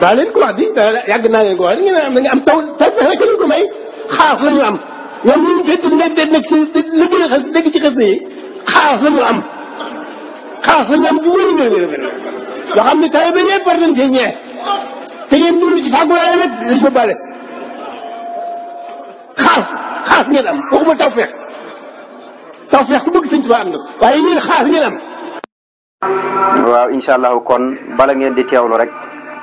daa leen ko wax di euh, yàgg naa leen ko wax ngeen am da nga am taw taw fexe rek lañ ko may xaas la ñu am ñoom ñun fekk nekk de nekk si liggéey xas dégg ci xas yi xaas la ñu am xaas la ñu am bu wér wér wér wér yoo xam ne taw bi ñëpp war nañ cee ñee te ngeen dund ci fàggulaay rek dañ ko bale xaas xaas ngeen am waxuma taw feex taw feex ku bëgg sëñ Tuubaa am na waaye yéen xaas ngeen am waaw incha allahu kon bala ngeen di teewlu rek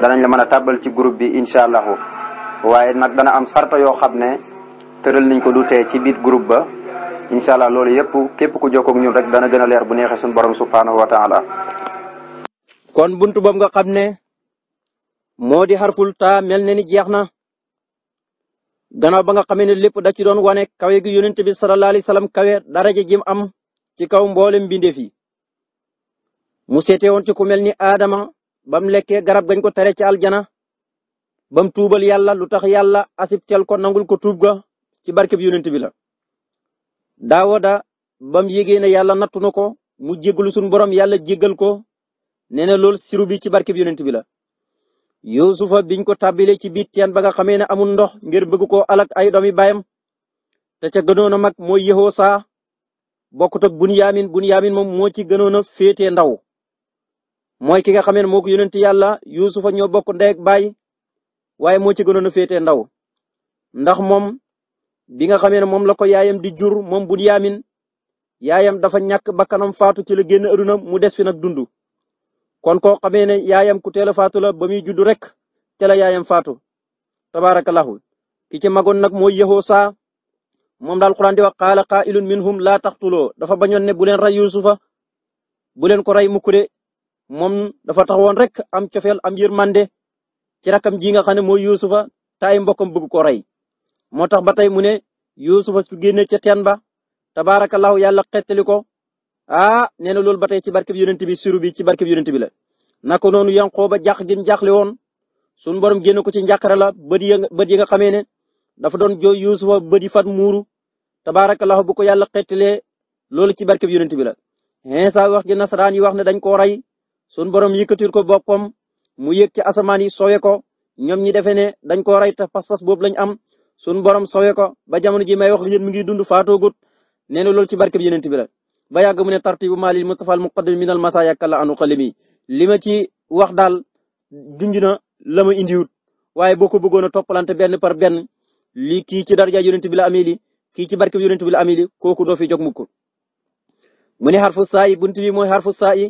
danañ la mën a tàbbal ci groupe bi incha allahu waaye nag dana am sarta yoo xam ne tëral nañ ko du tee ci biir groupe ba incha allah loolu yëpp képp ku jokkoog ñu rek dana gën leer bu neexee suñu borom subhaanahu wa taala kon bunt boobu nga xam ne moo di xarful taa mel ne ni jeex na gannaaw ba nga xamee ne lépp da ci doon wane kawe gi yonent bi sallallahu alayhi wasallam kawe daraja jim am ci kaw mboolem mbindeef yi mu seete woon ci ku mel ni Adama bam lekkee garab gañ ko tere ci aljana bam tuubal yàlla lu tax yàlla asibtel ko nangul ko tuub ga ci barkeb yonent bi la daawada bam yégee ne yàlla nattu na ko mu jéggalu suñu borom yàlla jéggal ko nee na loolu siru bi ci barkeb yonent bi la yusufa biñ ko tàbbilee ci biir teen ba nga xamee ne amul ndox ngir bëgg ko alak ay doomi baayam te ca gënoon a mag mooy yehoo saa bokkut ak bunyaamin bunyaamin moom moo ci gënoon a féetee ndaw mooy ki nga xamee ne moo ko yónent yàlla yuusufa ñoo bokk ndey ak baay waaye moo ci gënoon féetee ndaw ndax moom bi nga xamee ne moom la ko yaayam di jur moom Bunyaamin yaayam dafa ñàkk bakkanam faatu ci la génn aduna mu des fi nag dundu kon koo xamee ne yaayam ku teel a faatu la ba muy judd rek te la yaayam faatu tabaarakallahu ki ci magoon nag mooy Yehoosaa moom daal Quraan di wax qaala qaa'ilun minhum laa taqtuloo dafa bañoon ne bu leen rey Yuusufa bu ko rey mukk moom dafa tax woon rek am cofel am yërmande ci rakam ji nga xam ne mooy Yuusufa te ay mbokkam bëgg ko rey moo tax ba tey mu ne Yuusufa su génnee ca teen ba tabaarakallaahu yàlla xettali ko ah nee na loolu ba tey ci barkeb yonent bi suru bi ci barkeb yonent bi la. naka noonu Yanqooba jaax gi mu jaaxle woon sunu borom génn ko ci njàqare la bët yi nga bët yi nga xamee ne dafa doon jooy Yuusufa bët yi fan muuru tabaarakallaahu bu ko yàlla xettalee loolu ci barkeb yonent bi la. Insa wax gi nasaraan yi wax ne dañ koo ray sun borom yëkkatil ko boppam mu yeg ci asamaan yi sowe ko ñoom ñi defee ne dañ ko rey te pas-pas boobu lañ am sun borom sowe ko ba jamono ji may wax ak yéen mi ngi dund faatoogut nee na loolu ci barke bi bi la. ba yàgg mu ne tartibu maalil mustafa al muqaddim min al masaaya kala anu xalimi li ma ci wax daal junj na la ma indiwut waaye boo ko bëggoon a toppalante benn par benn lii kii ci daraja yonent bi la amee lii kii ci barke bi yonent bi la amee kooku doo fi jog mukk mu ne xarfu saa yi bunt bi mooy saa yi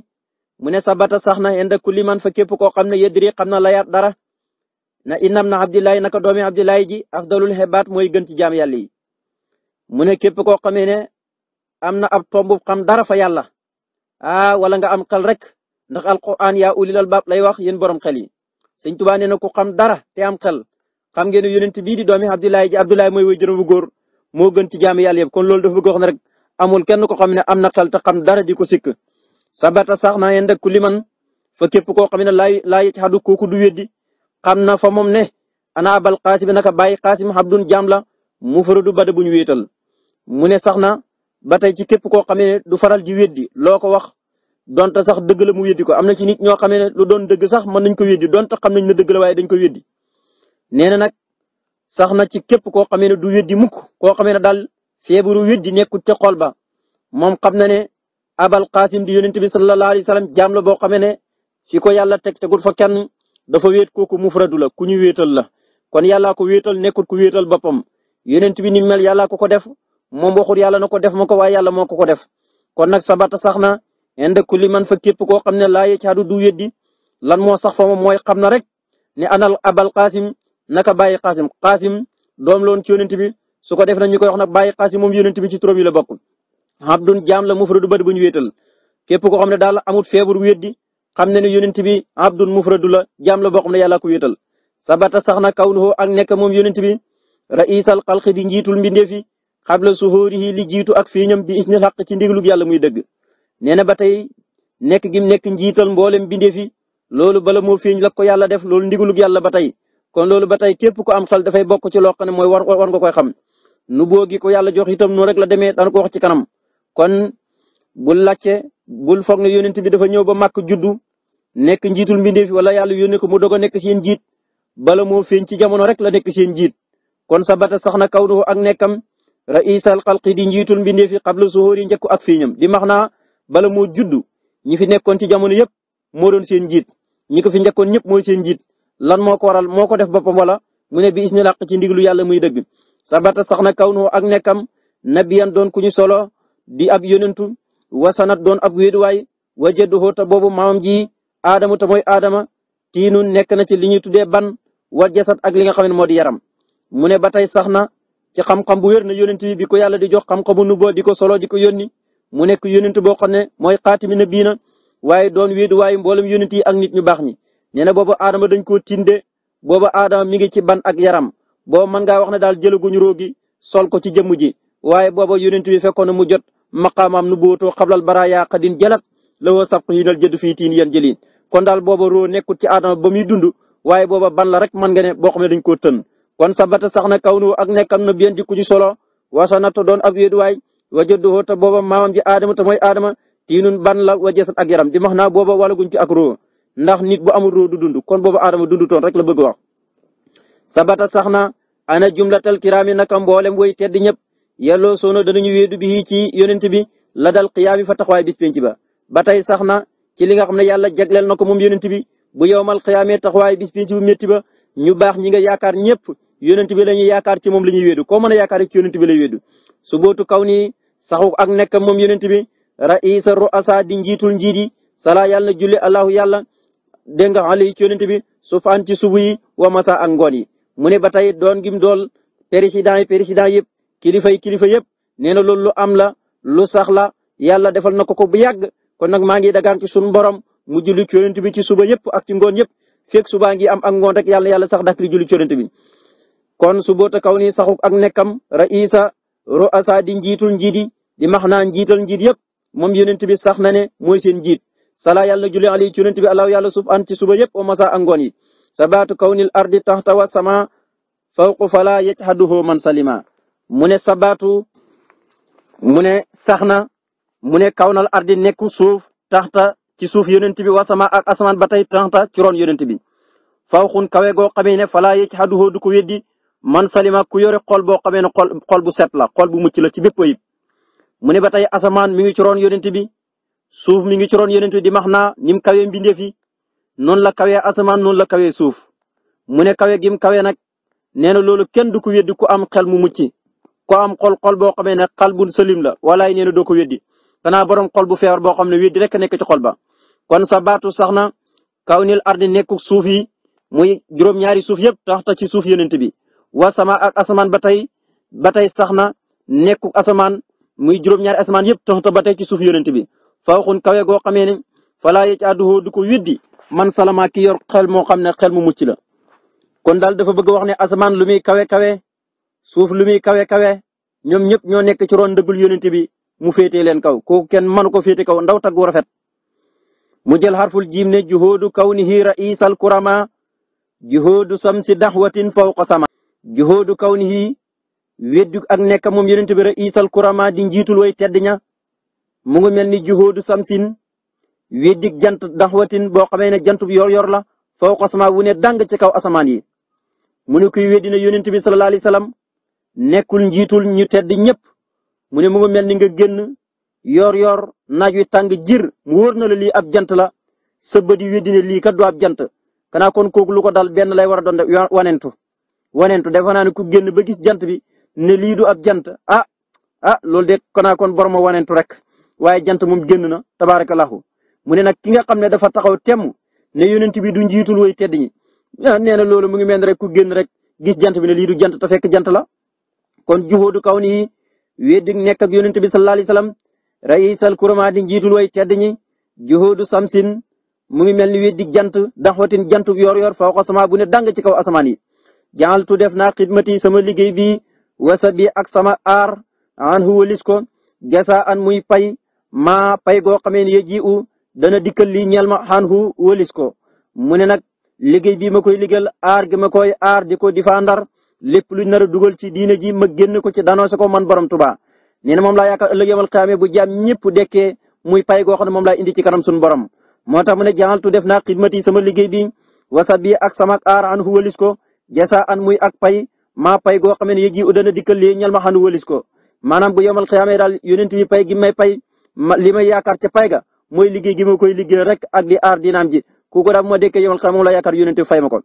mu ne sabata sax na inda kulli man fa képp koo xam ne yedri xam na layaat dara na inam na abdillahi naka doomi abdillahi ji afdalul hebaat mooy gën ci jaam yàlla yi mu ne képp koo xamee ne am na ab tomb xam dara fa yàlla ah wala nga am xel rek ndax alquran yaa ulil albaab lay wax yéen borom xel yi sëñ Tuubaa nee na ku xam dara te am xel xam ngeen ne yonent bii di doomi abdillahi ji abdillahi mooy way juróom bu góor moo gën ci jaam yàlla yëpp kon loolu def bëgg ne rek amul kenn ko xam ne am na xel te dara ko sikk sabata sax naa yéen dëkk li man fa képp koo xam ne laay laay xadu kooku du weddi xam na fa moom ne ana abal xaasim naka bàyyi xaasim xabdun jaam la mu faradu bada bu ñu wéetal mu ne sax na ba tey ci képp koo xam ne du faral ji weddi loo ko wax donte sax dëgg la mu weddi ko am na ci nit ñoo xam ne lu doon dëgg sax mën nañ ko weddi donte xam nañ ne dëgg la waaye dañ ko weddi nee na nag sax na ci képp koo xam ne du weddi mukk koo xam ne daal feebaru weddi nekkul ca xol ba moom xam na ne abal qasim di yonent bi sallallahu alayhi wa sallam jaam la boo xamee ne fi ko yàlla teg fa kenn dafa wéet kooku mufradu la ku ñu wéetal la kon yàllaa ko wéetal nekkul ko wéetal boppam yonent bi ni mel yàllaa ko ko def moom waxul yàlla na ko def ma ko waaye yàlla moo ko ko def kon nag sabata sax na inda kulli man fa képp koo xam ne laa yecaadu du weddi lan moo sax fa moom mooy xam na rek ne anal abal qasim naka bàyyi qasim qasim doom loon ci yonent bi ko def na ñu koy wax nag bàyyi qasim la bokkul abdun jaam la mufradu bari bu ñu wéetal képp koo xam ne daal amul feebar weddi xam ne ne yonent bi abdun mufradu la jaam la boo xam ne yàlla ko wéetal sabata sax kaw kawnuhu ak nekk moom yonent bi raisal xalqi di njiitul mbindeef yi xabla suhurihi li jiitu ak feeñam bi isnil xaq ci ndigalug yàlla muy degg nee na ba tey nekk gim nekk njiital mboolem mbindeef yi loolu bala moo feeñ la ko yàlla def loolu ndigalug yàlla ba tey kon loolu ba tey képp ku am xel dafay bokk ci loo ne mooy war war koy xam yàlla jox itam noonu rek la demee dana ko ci kanam kon bul làcce bul foog ne yonent bi dafa ñëw ba màkk juddu nekk njiitul mbindeef wala yàlla yónnee ko mu doog a nekk seen jiit bala moo feeñ ci jamono rek la nekk seen jiit kon sabata sax na kaw nu ak nekkam raisal xalqi di njiitul mbindeef yi xabla suhóor yi njëkku ak feeñam di max naa bala moo juddu ñi fi nekkoon ci jamono yëpp moo doon seen jiit ñi ko fi njëkkoon ñëpp mooy seen jiit lan moo ko waral moo ko def boppam wala mu ne bi is ni ci ndiglu yàlla muy dëgg sabata sax na kaw nu ak nekkam nabiyan doon ku ñu solo di ab yonentu wasanat don ab wéeduwaay wa jadduhu ta boobu maam ji aadamu ta mooy aadama tiinu nekk na ci li ñuy tuddee ban wal jasad ak li nga xam ne moo di yaram mu ne ba tey sax na ci xam-xam bu wér na yonent bi bi ko yàlla di jox xam-xamu boo di ko solo di ko yónni mu nekk yonent boo xam ne mooy xaatimi na bii na waaye doon wéeduwaayu mboolem yonent yi ak nit ñu baax ñi nee na boobu aadama dañ koo tinde boobu aadama mi ngi ci ban ak yaram boobu mën ngaa wax ne daal jëlaguñu roo gi sol ko ci jëmm ji waaye booba yonent bi fekkoon na mu jot maqaamaam nu bootoo xablal baraaya xadin jalat la woo sab xinal jëdd fii tiin yan jëliin kon daal booba roo nekkul ci aadama ba muy dund waaye booba ban la rek man nga ne boo xam ne dañ koo tën kon sabata sax na kaw nu ak nekkam na bien jikku ñu solo wasanata doon ab wéeduwaay wajëdduwoo te booba maamam ji aadama te mooy aadama tiinun ban la wajeesat ak yaram di max naa booba walaguñ ci ak roo ndax nit bo amul roo du dund kon booba aadama dundutoon rek la bëgg wax sabata sax na ana jumlatal kiraami naka mboolem way tedd ñëpp yelloo soona danañu wéedu bi ci yonent bi la dal xiyaam yi fa taxawaay bis penc ba ba tey sax na ci li nga xam ne yàlla jagleel na ko moom yonent bi bu yowmal xiyaamee taxawaay bis penc bu métti ba ñu baax ñi nga yaakaar ñëpp yonent bi la yaakaar ci moom la ñuy wéedu koo mën a yaakaar ci yonent bi lay wéedu bootu kaw ni saxu ak nekkam moom yonent bi raisa ruasa di njiitul njiit yi salaa yàlla julli allahu yàlla dégg nga ali ci yonent bi sufaan ci subu yi wa masa ak ngoon yi mu ne ba tey doon gim dool président yi président yëpp kilifa yi kilifa yëpp nee na loolu lu am la lu sax la yàlla defal na ko ko bu yàgg kon nag maa ngi dagaan ci sunu borom mu juli ci bi ci suba yëpp ak ci ngoon yëpp fekk subaa ngi am ak ngoon rek yàlla yàlla sax dàkk di julli ci yonent bi kon su kaw ni saxuk ak nekkam raisa roasa di njiitul njiit yi di max naa njiital njiit yëpp moom yonent bi sax na ne mooy seen njiit sala yàlla julli ali ci yonent bi allahu yàlla subhan ci suba yëpp o masa ak ngoon yi sabaatu kawnil ardi taxtawa sama fawqu fala yajhaduhu man salima mu ne sabaatu mu ne sax mu ne kaw nal ardi nekku suuf taxta ci suuf yonent bi wasama a asamaan ba tey taxta ci roon yonent bi faw xun kawe goo xamee ne falaa yëcc xaduhoo du ko weddi man salima ku yore xol boo xamee ne xol xol bu set la xol bu mucc la ci bépp ayib mu ne ba tey asamaan mi ngi ci roon yonent bi suuf mi ngi ci roon di max naa ni mu kawee mbindeef yi noonu la kawee asamaan noonu la kawee suuf mu ne kawe gim kawe nag nee na loolu kenn du ko weddi ku am xel mu mucc ko am xol xol boo xamee ne xalbun salim la walaay nee na doo ko weddi xanaa borom xol bu feebar boo xam ne weddi rek nekk ci xol ba. kon sa baatu sax na kaw nil ardi nekkuk suuf yi muy juróom-ñaari suuf yëpp taxta ci suuf yonent bi wa sama ak asamaan ba tey ba tey sax na nekkuk asamaan muy juróom-ñaari asamaan yëpp taxta ba tey ci suuf yonent bi fawxun kawe goo xamee ne falaa yëcc àdduhoo du ko weddi man salama ki yor xel moo xam ne xel mu mucc la kon daal dafa bëgg wax ne lu kawe. suuf lu muy kawe kawe ñoom ñëpp ñoo nekk ci ron ndëggul yonent bi mu féetee leen kaw kooku kenn mënu ko féete kaw ndaw taggu rafet mu jël xarful jiim ne juhoodu kawnihi raisal kurama juhoodu samsi daxwatin fawqa sama juhoodu kawnihi weddug ak nekk moom yonent bi raisal kurama di njiitul way tedd ña mu ngi mel ni juhoodu samsin weddig jant daxwatin boo xamee ne jant bu yor-yor la fawqa sama wu ne dàng ci kaw asamaan yi mu ne kuy weddina yonent nekkul njiitul ñu tedd ñëpp mu ne mu ngi mel ni nga génn yor-yor naaj wi tàng jir mu wóor na la lii ab jant la sa bët yi weddi ne lii kat du jant. kanaa kon kooku lu ko dal benn lay war a doon wanentu wanentu defe naa ne ku génn ba gis jant bi ne lii du ab jant ah ah loolu de kanaa kon borom a wanentu rek waaye jant moom génn na tabaarakallahu mu ne nag ki nga xam ne dafa taxaw temm ne yonent bi du njiitul woy tedd ñi ah, nee na loolu mu ngi mel rek ku génn rek gis jant bi ne lii du jant te fekk jant la. kon juhoodu kaw ni weddi nekk ak yonent bi sallallahu alayhi wasallam raisal kurama di njiitul way tedd ñi juhoodu samsin mu ngi mel ni weddi jant daxwatin jant yor-yor fawqa sama bu ne dang ci kaw asamaan yi. jaaltu def naa xidmati sama liggéey bi wasa bi ak sama aar an huwalis ko jasa an muy pay maa pay goo xamee ne ji u dana dikkal lii ñeel ma an huwalis ko mu ne nag liggéey bi ma koy liggéeyal aar gi ma koy ar di ko difaandar lépp luñ nar a dugal ci diine ji ma génn ko ci danoo sa ko man borom Tuubaa nee na moom laa yaakaar ëllëg yamal xiyaame bu jaam ñëpp dekkee muy pay goo xam ne moom indi ci kanam suñu borom moo tax mu ne jaxaltu def naa xidmati sama liggéey bi wasa bi ak sama aar an hu walis ko jasa an muy ak pay maa pay goo xam ne yéegi udana dikkal lii ma xan walis ko maanaam bu yomal xiyaame daal yonent bi pay gi pay li may yaakaar pay ga mooy liggéey gi ma koy liggéey rek ak di aar dinaam ji ku ko daal bu ma dekkee yomal xiyaame moom laa yaakaar yonent bi fay ma ko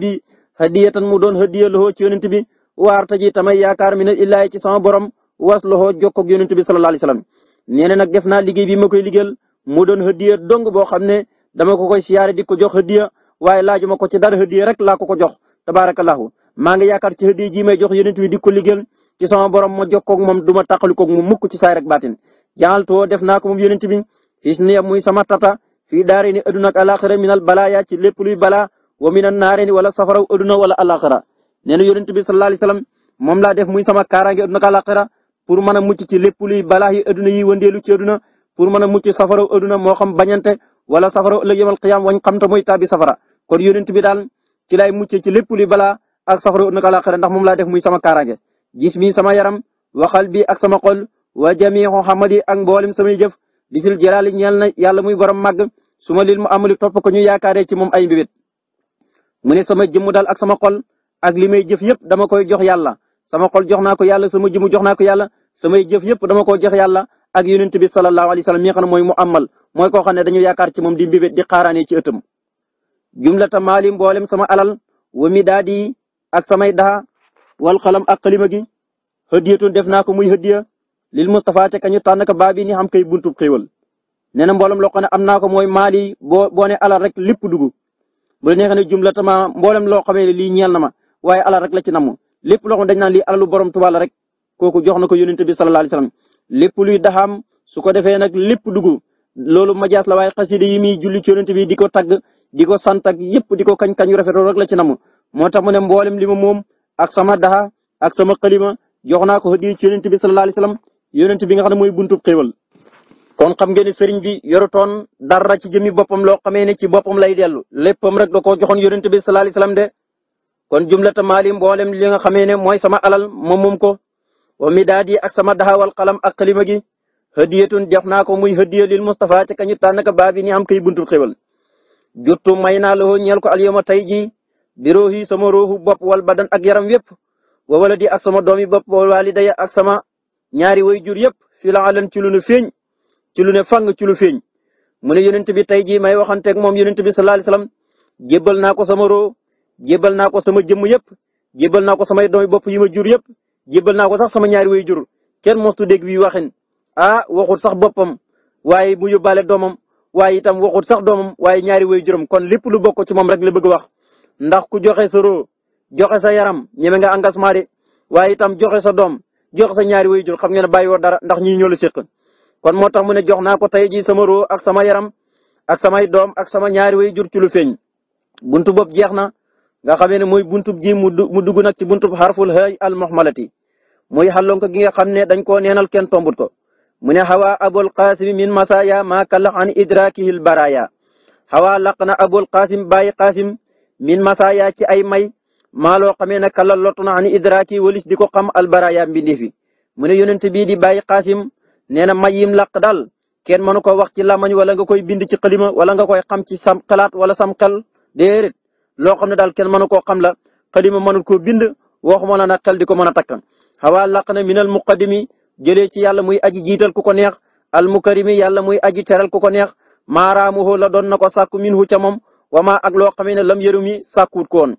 bi hadiyatan mu doon hadiya loxo ci yonent bi waarta ji tamay yaakaar mi ne illaahi ci sama borom was loxo jokkoo ak yonent bi sallallahu alayhi wasallam nee na nag def naa liggéey bi ma koy liggéeyal mu doon hadiya dong boo xam ne dama ko koy siyaare di ko jox hadiya waaye laajuma ko ci dara hadiya rek laa ko ko jox tabaarakallaahu maa ngi yaakaar ci hadiya ji may jox yonent bi di ko liggéeyal ci sama borom ma jokkoo ak moom du ma tàqalikoo ak mu mukk ci saay rek baatin jaaltoo def naa ko moom yonent bi xis ne muy sama tata fii daare ni aduna ak balaa yaa lépp luy balaa wa minan naarayni wala safara aduna wala alaxira nee na yonent bi sallallahu alayhi wasallam moom laa def muy sama kaaraange aduna ka alaxira pour mën a mucc ci lépp luy balaa yi aduna yi wëndeelu ci aduna pour mën a mucc safara aduna moo xam bañante wala safara ëllëg yamal qiyaam wañ xam te mooy tàbbi safara kon yonent bi daal ci laay muccee ci lépp luy balaa ak safara aduna ka alaxira ndax moom laa def muy sama kaaraange jismi sama yaram waxal bi ak sama xol wa jamiu xamali ak mboolem samay jëf bisil jalaali ñeel na yàlla muy borom màgg su ma lil mu amali topp ko ñu yaakaaree ci moom ay mbibit mu ne sama jëmm daal ak sama xol ak li may jëf yëpp dama koy jox yàlla sama xol jox naa ko yàlla sama jëmm jox naa ko yàlla samay jëf yëpp dama ko jox yàlla ak yonent bi sallallahu alayhi wa sallam mi nga xam ne mooy mu amal mooy koo xam ne dañu yaakaar ci moom di mbébét di xaaraane ci ëttam jumlata maali mboolem sama alal wa midaadi ak samay daa wal xalam ak xalima gi hëdiyatun def naa ko muy hëdiya lil Mustafa te kañu tànn ka baabi ni xam kay buntu xéewal nee na mboolem loo xam ne am naa ko mooy maali boo boo ne alal rek lépp dugg bu la neexee ne jumla tama mboolem loo xamee ne lii ñeel na ma waaye alal la ci namm lépp loo dañ naan lii alalu borom Tuubaa la rek kooku jox na ko yónnent bi sallallahu alayhi wasallam lépp luy daxaam su ko defee nag lépp dugg loolu majaas la waaye xasida yi muy julli ci yónnent bi di ko tagg di ko sant ak yëpp di ko kañ-kañ yu rafet loolu rek la ci namm moo tax mu ne mboolem li ma moom ak sama daxa ak sama xalima jox naa ko hadiya ci yónnent bi sallallahu alayhi wasallam yónnent bi nga xam ne mooy buntub xéewal kon xam ngeen ne sëriñ bi yorutoon dara ci jëmi boppam loo xamee ne ci boppam lay dellu léppam rek da koo joxoon yonent bi sallallahu alayhi wasallam de kon jumlata maali mboolem li nga xamee ne mooy sama alal moom moom ko wa midaadi ak sama daxawal xalam ak xalima gi hadiyatun jox naa ko muy hadiya lil Mustafa ca kañu tànn ka baabi ni am kay buntu xéwal juttu may naa loo ñeel ko alyoma tey jii bi roohi sama roohu bopp wal badan ak yaram yépp wa waladi ak sama doomi bopp wal walidaya ak sama ñaari way jur yépp ci lu ne fang ci lu feeñ mu ne yonent bi tey jii may waxanteeg moom yonent bi sallallahu alayhi wasallam jébbal naa ko sama roo jébbal naa ko sama jëmm yëpp jébbal naa ko samay doom bopp yi ma jur yëpp jébbal naa ko sax sama ñaari way jur kenn mostu dégg wi waxin ah waxul sax boppam waaye mu yóbbaale doomam waaye itam waxul sax doomam waaye ñaari way juram kon lépp lu bokk ci moom rek la bëgg wax ndax ku joxe sa roo joxe sa yaram ñeme nga engagement de waaye itam joxe sa doom joxe sa ñaari way jur xam nga ne bàyyi woo dara ndax ñii ñoo la séq kon moo tax mu ne jox naa ko tey jii sama roo ak sama yaram ak samay doom ak sama ñaari way jur ci lu feeñ buntu bopp jeex na nga xamee ne mooy buntu ji mu dugg nag ci buntu xarful hay al muhmalati muy xàllonko gi nga xam ne dañ koo neenal kenn tombut ko mu ne xawaa abul qasim min masaya ma kallax an idrakihil baraya xawaa laq na abul qasim bàyyi qasim min masaya ci ay may maa loo xamee ne kala lot na an idraki walis di ko xam al baraya mbindi fi mu ne yonent nee na may yim làq daal kenn mënu ko wax ci làmmañ wala nga koy bind ci xalima wala nga koy xam ci sam xalaat wala sam xel déedéet loo xam ne daal kenn mënu koo xam la xalima mënul koo bind waxuma la na xel di ko mën a takkan xawaa làq na minal muqaddimi jële ci yàlla muy aji jiital ku ko neex al mukarimi yàlla muy aji teral ku ko neex maaraamuhu la doon na ko sàkku minhu ca moom wama ak loo xamee ne lam yarumi sàkkuwut ko woon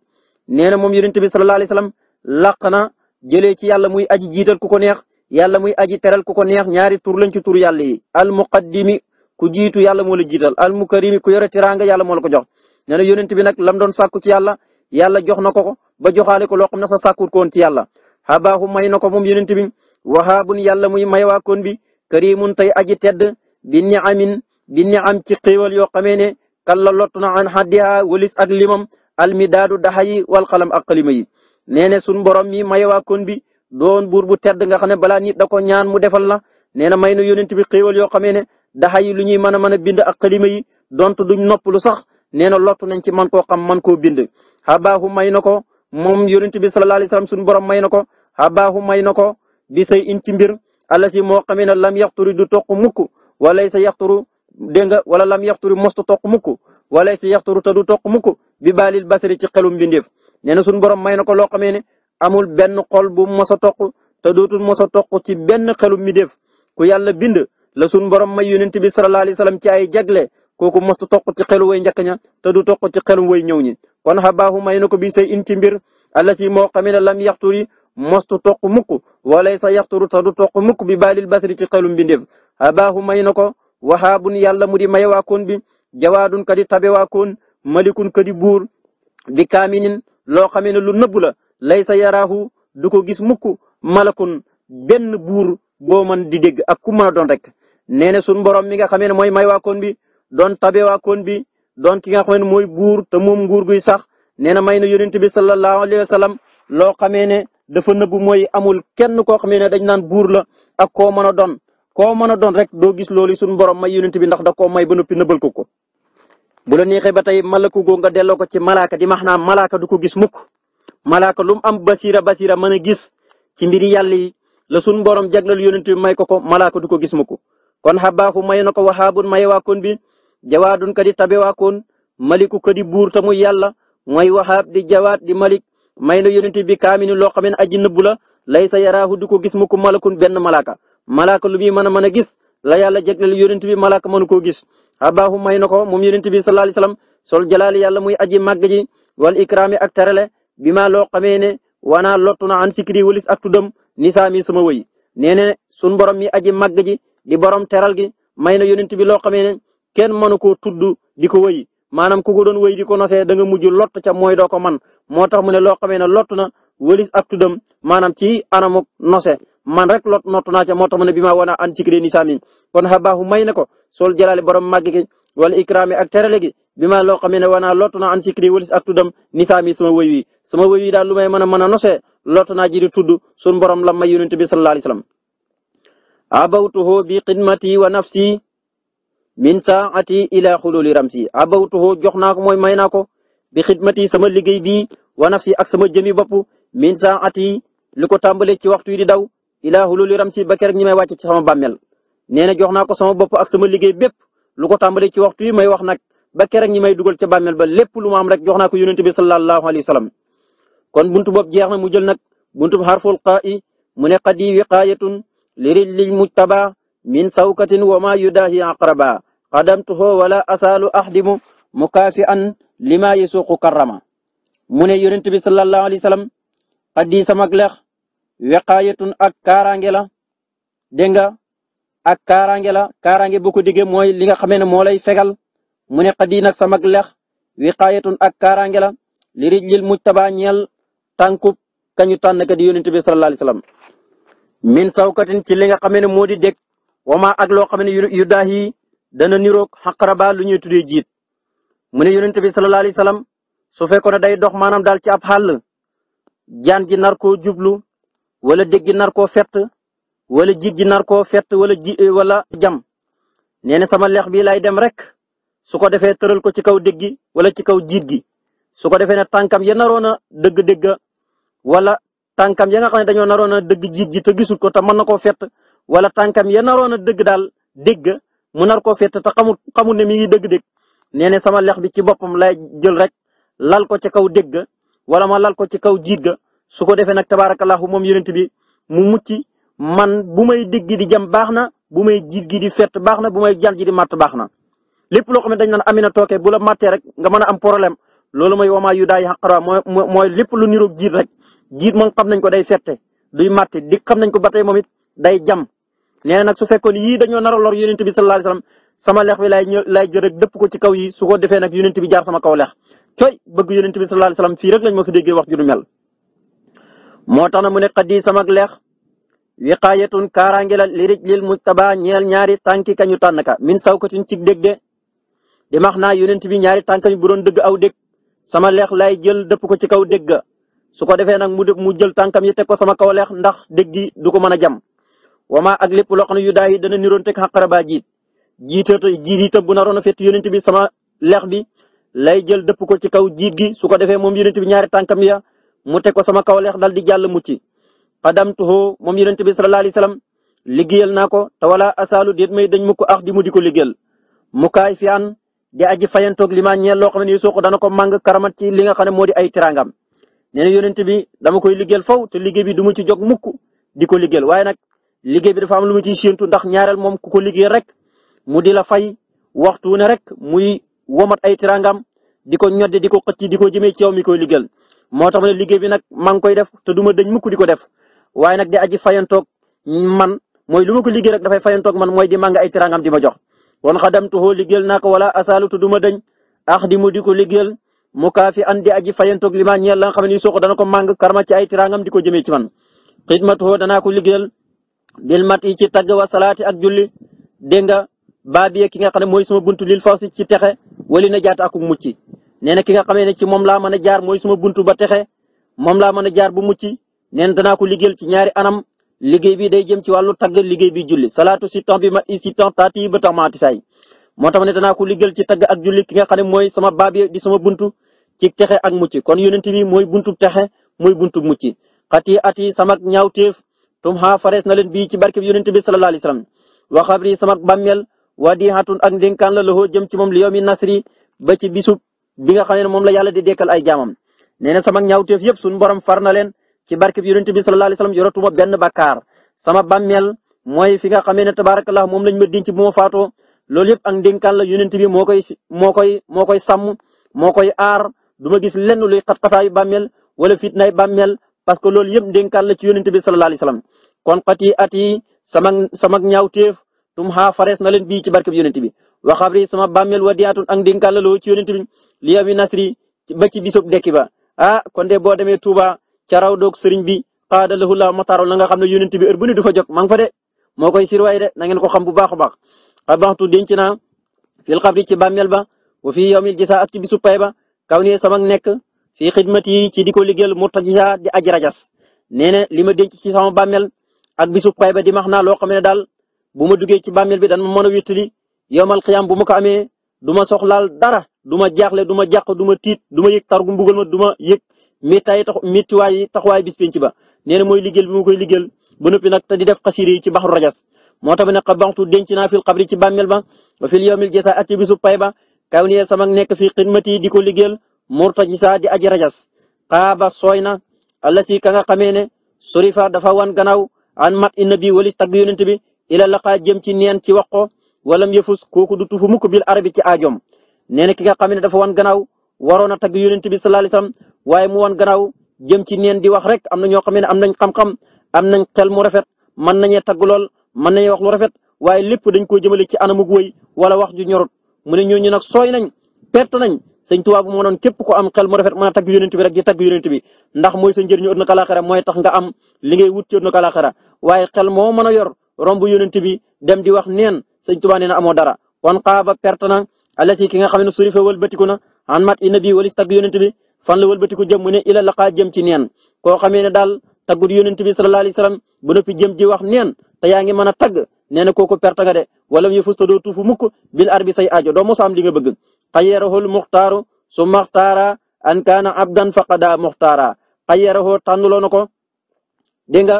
nee na moom yonent bi sallallahu alayhi wasallam làq na jëlee ci yàlla muy aji jiital ku ko neex yàlla muy aji teral ku ko neex ñaari tur lañ ci tur yàlla yi al muqaddimi ku jiitu yàlla moo la jiital al mukarimi ku yore teraanga yàlla moo la ko jox nee na yonent bi ci yàlla yàlla jox na ko ko ba joxaale ko loo xam ne sa sàkkut koon ci yàlla xabaaxu may na ko moom yonent bi wahaabun yàlla muy may waa koon bi karimun tey aji tedd bi ni amin bi ni am ci xéewal yoo xamee ne kalla lott na an xaddiha walis ak limam almidaadu daxa yi wal xalam ak xalima yi nee ne sun borom mi may waa koon bi doon buur bu tedd nga xam ne balaa nit da ko ñaan mu defal la nee na may na yonent bi xéewal yoo xamee ne daxa yi lu ñuy mën a mën a bind ak xalima yi donte duñ noppalu sax nee na lottu nañ ci man koo xam man koo bind. xabaahu may na ko moom yonent bi sallallahu alayhi wasallam suñu borom may na ko xabaahu may na ko bi say in ci mbir alla si moo xamee ne lam yaxturi du toq mukk wala sa yaxturu dégg nga wala lam yaxturi mostu toq mukk wala sa yaxturu te du toq mukk bi baalil basari ci xelum bindeef nee na suñu borom may na ko loo xamee ne amul benn xol bu mos a toq te dootul mos a toq ci benn xelu mi def ku yàlla bind la sun borom may yonent bi sallallahu alayhi wasallam ci ay jagle kooku mos a toq ci xelu way njëkk ña te du toq ci xelu woy ñëw ñi kon xabaahu may na ko bi say in mbir alla si moo xam ne lam yaxtur yi mostu toq mukk wala sa yaxturu te du toq mukk bi baalil basri ci xelum bindeef xabaahu may na ko waxaabun yàlla mu di may waa bi jawaadun ka di tabe malikun ka di buur bi kaaminin loo xamee ne lu nëbb la laysa yaraahu du ko gis mukk malakun benn buur boo man di dégg ak ku mën a doon rek nee na sunu borom mi nga xamee ne mooy may waa koon bi doon tabe waa koon bi doon ki ga xamee ne mooy buur te moom nguur guy sax nee na may na yonent bi sallallahu alayhi wa sallam loo xamee ne dafa nëbbu mooy amul kenn koo xamee ne dañ naan buur la ak koo mën a doon koo mën a doon rek doo gis loolu sunu borom may yonent bi ndax da koo may ba noppi nëbbal ko ko. bu la neexee ba tey malaku goo nga delloo ko ci malaaka di max naa malaaka du ko gis mukk malaaka lu mu am basira basira mën a gis ci mbiri yàlla yi la sun borom jaglal yonent bi may ko ko malaaka du ko gis mu ko kon xabaaxu may na ko waxaabun may waakoon bi jawaadun kadi tabe waakoon maliku kadi buur tamu yàlla mooy waxaab di jawaat di malik may na yonent bi kaaminu loo xam ne aji nëbbu la lay sa yaraahu du ko gis mu ko malakun benn malaaka malaaka lu muy mën a mën a gis la yàlla jaglal yonent bi malaaka mënu koo gis xabaaxu may na ko moom yonent bi sallallahu alayhi wasallam sol jalaali yàlla muy aji màgg ji wal ikraami ak terale bi ma loo xamee ne waanaa lottu na an sikri walis ak tuddam nisaa mi sama wëy nee na sunu borom mi aji màgg ji di borom teral gi may na yonent bi loo xamee ne kenn mënu koo tudd di ko wëy maanaam ku ko doon wëy di ko nosee da mujj lott ca mooy doo ko man moo tax mu ne loo xamee ne lott na walis ak tuddam maanaam ci anamuk nose man rek lot nottu naa ca moo tax mu ne bi ma wana an sikri nisaa mi kon xabaahu may na ko sol jalaali borom màgg gi wala ikraami ak terale gi bi ma loo xamee ne wanaa lottu naa an sikri walis ak tuddam nisaa mi sama wëy wi sama wëy wi daal lu may mën a mën a nosee naa ji tudd sunu borom la may yonent bi sallallahu alayhi wasallam abawtuhu bi xidmati wa nafsi min saati ila xululi ramsi abawtuhu jox naa ko mooy may naa ko bi xidmati sama liggéey bi wa nafsi ak sama jëmi bopp min saati li ko tàmbalee ci waxtu wi di daw ila xululi ramsi ba keroog ñi may wàcc ci sama bàmmeel nee na jox naa ko sama bopp ak sama liggéey bépp lu ko tàmbalee ci waxtu yi may wax nag ba kerek ñi may dugal ca bàmmeel ba lépp lu ma am rek jox naa ko yonent bi sallallahu alayhi wa kon buntu boobu jeex na mu jël nag buntu xarful qaa'i mu ne qadi wiqaayatun li rijlil mujtaba min sawkatin wa ma yudaahi aqraba qadamtuhu wala asaalu ahdimu mukaafian lima yasuqu karrama mu ne yonent sallallahu alayhi wa sallam qadi samak leex wiqaayatun ak kaaraange la dégg nga ak kaaraange la kaaraange bu mooy li nga xamee ne moo lay fegal mu ne xadii nag samag lex wiqaayatun ak kaaraange la li rijlil mujtaba ñeel tànkub kañu tànn ka di yonent bi sallallahu alayhi wasallam min sawkatin ci li nga xamee ne moo di dégg wama ak loo xam ne yu daax yi dana niroog xaqaraba lu ñuy tuddee jiit mu ne yonent bi sallallahu alayhi wasallam su fekkoon ne day dox maanaam daal ci ab xàll jaan ji nar koo jublu wala dégg gi nar koo fett wala jiit ji nar koo fett wala ji wala jam nee na sama lex bii lay dem rek su ko defee tëral ko ci kaw dégg wala ci kaw jiit gi su ko defee ne tànkam ya naroon a dëgg-dëgg wala tànkam ya nga xam ne dañoo naroon a dëgg jiit ji te gisul ko te mën na koo fett wala tànkam ya naroon a dëgg daal dégg mu nar koo fett te xamul xamul ne mi ngi dëgg-dëgg nee ne sama lex bi ci boppam lay jël rek lal ko ci kaw dégg wala ma lal ko ci kaw jiit ga su ko defee nag tabaarakallaahu moom yonent bi mu mucc man bu may dégg di jam baax na bu may jiit gi di fet baax na bu may jal ji di màtt baax na lépp loo xam ne dañ naan Amina Tooke bu la màttee rek nga mën am problème loolu mooy wama yu daay xaqara mooy mooy lépp lu niroog jiit rek jiit moom xam nañ ko day fette duy màtte dik xam nañ ko ba tey moom it day jam. nee na su su ni yii dañoo nar a lor yonent bi sallallahu alayhi sama lex bi lay ñë lay jël rek dëpp ko ci kaw yi su ko defee nag yonent bi jaar sama kaw lex cooy bëgg yonent bi sallallahu alayhi wasallam fii rek lañ mos a déggee wax ju du mel. moo tax na mu ne xaddi sama lex wiqaayatun kaaraange la li lil mujtaba ñeel ñaari tànki kañu tànn ka min sawkatin ci dégg di max naa yonent bi ñaari tànkam bu doon dëgg aw dëgg sama leex lay jël dëpp ko ci kaw dëgg su ko defee nag mu mu jël tànkam yi teg ko sama kaw leex ndax dëgg gi du ko mën a jam. wama ak lépp loo xam ne yu daay yi dana niroon teg xaqaraba jiit jiite jiit itam bu naroon a fett yonent bi sama leex bi lay jël dëpp ko ci kaw jiit gi su ko defee moom yonent bi ñaari tànkam ya mu teg ko sama kaw leex dal di jàll mucc xadamtuhu moom yonent bi sallallahu alayhi wasallam liggéeyal naa ko te wala asaalu déet may dañ ma ko ax di mu di ko liggéeyal mu di aji fayantoog li ma ñeel loo xam ne soo ko dana ko màng karamat ci li nga xam ne moo di ay tirangam bi dama koy liggéeyal faw te liggéey bi du mu ci jóg mukk di ko liggéeyal waaye nag liggéey bi dafa am lu mu ciy séentu ndax ñaareel moom ku ko liggéeyal rek mu di la fay waxtu wu ne rek muy womat ay tirangam di ko ñodde di ko xëcc di ko jëmee ci yow mi koy liggéeyal moo tax ma ne liggéey bi nag maa ngi koy def te duma ma dëñ mukk di ko def waaye nag di aji fayantoog man mooy lu ma ko liggéey rek dafay fayantoog man mooy di ay tirangam di ma jox wan kon xadamtuhu liggéeyal naa ko wala asaalutu du ma dañ ax di mu di ko liggéeyal mu kaafi andi aji fayantoog li ma ñeel la nga xam ne nii soo ko dana ko màng karma ci ay tiraangam di ko jëmee ci man. xidmatuhu danaa ko liggéeyal bil mat yi ci tagg wa salaati ak julli dégg nga baabiye ki nga xam ne mooy suma buntu lil faw si ci texe wali na jaata ak mucc nee na ki nga xamee ne ci moom laa mën a jaar mooy suma buntu ba texe moom laa mën a jaar bu mucc nee na danaa ko liggéeyal ci ñaari anam liggéey bi day jem ci wàllu tagg liggéey bi julli salaatu si temps bi ma si temps taati ba tax moo tax ne danaa ko liggéeyal ci tagg ak julli ki nga xam ne mooy sama baab yi di sama buntu ci texe ak mucc kon yonent bi mooy buntu texe mooy buntu mucc xati ati samak ñaawteef tum xaa farees na leen bii ci barke bi yonent bi sallallahu alayhi wasallam wa xabri samak bàmmeel waa di xatun ak ndénkaan la loxoo jëm ci moom li yawmi nasri ba ci bisub bi nga xam ne moom la yàlla di dekkal ay jaamam nee na samak ñaawteef yëpp suñu borom far na leen ci barke bi yonent bi sallallahu alayhi wasallam yoratuma benn bakkaar sama bàmmeel mooy fi nga xamee ne tabarakallah moom lañ ma denc bu ma faatoo loolu yëpp ak ndénkaan la yonent bi moo koy moo koy moo koy sàmm moo koy aar du ma gis lenn luy xat-xataayu bàmmeel wala fitnaay bàmmeel parce que loolu yëpp ndénkaan la ci yonent bi sallallahu alayhi wasallam kon xati at yi sama sama ñaawteef tum xaa farees na leen bii ci barke bi bi wa xabri sama bàmmeel wadiyaatun ak ndénkaan la loo ci yonent bi li ami nasri ba ci bisub dekki ba ah, ca raw doog sëriñ bi xaada lahu la mataaru la nga xam ne yonent bi heure bu ne du fa jot maa ngi fa de moo koy sirwaay de na ngeen ko xam bu baax a baax xabaxtu denc naa fil xabri ci bàmmeel ba wa fii yawmil jisa ak ci bisu pay ba kaw ne sama nekk fii xidmat yi ci di ko liggéeyal murtajisa di aji jas nee na li ma denc ci sama bàmmeel ak bisu pay ba di max naa loo xam ne daal bu ma duggee ci bàmmeel bi dan ma mën a wéttali yowmal xiyaam bu ma ko amee du ma soxlaal dara du ma jaaxle du ma jàq du ma tiit du ma yëg tar gu du ma yëg méttaay tax méttiwaay taxawaay bis penc ba nee na mooy liggéeyal bi mu koy liggéeyal ba noppi nag te di def xasir yi ci baxru rajas moo tax ne xabantu denc naa fil xabri ci bàmmeel ba wa fil yawmil jasa at bisu pay ba kaw ne sama nekk fii xidmati di ko liggéeyal saa di aji rajas xaaba sooy na allasi ka nga xamee ne surifa dafa wan gannaaw an mat inna bi walis tagg yonent bi ila laqa jëm ci neen ci wax ko walam yëfus kooku du tufu mukk bil arabi ci aajoom nee na ki nga xam ne dafa wan gannaaw waroon a tagg yonent bi sallallahu alayhi wasallam waaye mu woon gannaaw jëm ci neen di wax rek am na ñoo xam ne am nañ xam-xam am nañ xel mu rafet mën nañee tagg lool mën nañee wax lu rafet waaye lépp dañ koo jëmale ci anamug wëy wala wax ju ñorut mu ne ñooñu nag sooy nañ perte nañ sëñ Tuubaa bu moo noon képp ko am xel mu rafet mën a tagg yonent bi rek di tagg yonent bi ndax mooy sa na ëdduna kalaaxara mooy tax nga am li ngay wut ci ëdduna kalaaxara waaye xel moo mën a yor romb yonent bi dem di wax neen sëñ Tuubaa nee na amoo dara kon xaaba perte na alati ki nga xam ne surife wëlbatiku na an mat i nabi walis tagg bi fan la wëlbatiku jëm mu ne ila laqaa jëm ci neen koo xamee ne daal taggut yonent bi sallallahu alayhi wasallam bu noppi jëm ji wax neen te yaa ngi mën a tagg nee na kooku perte de wala mu fusta doo tuufu mukk bil arbi say ajo do mos am li nga bëgg xayyarahul muxtaaru su maxtaara an kaana abdan faqada muxtaara xayyarahoo tànnuloo na ko dégg nga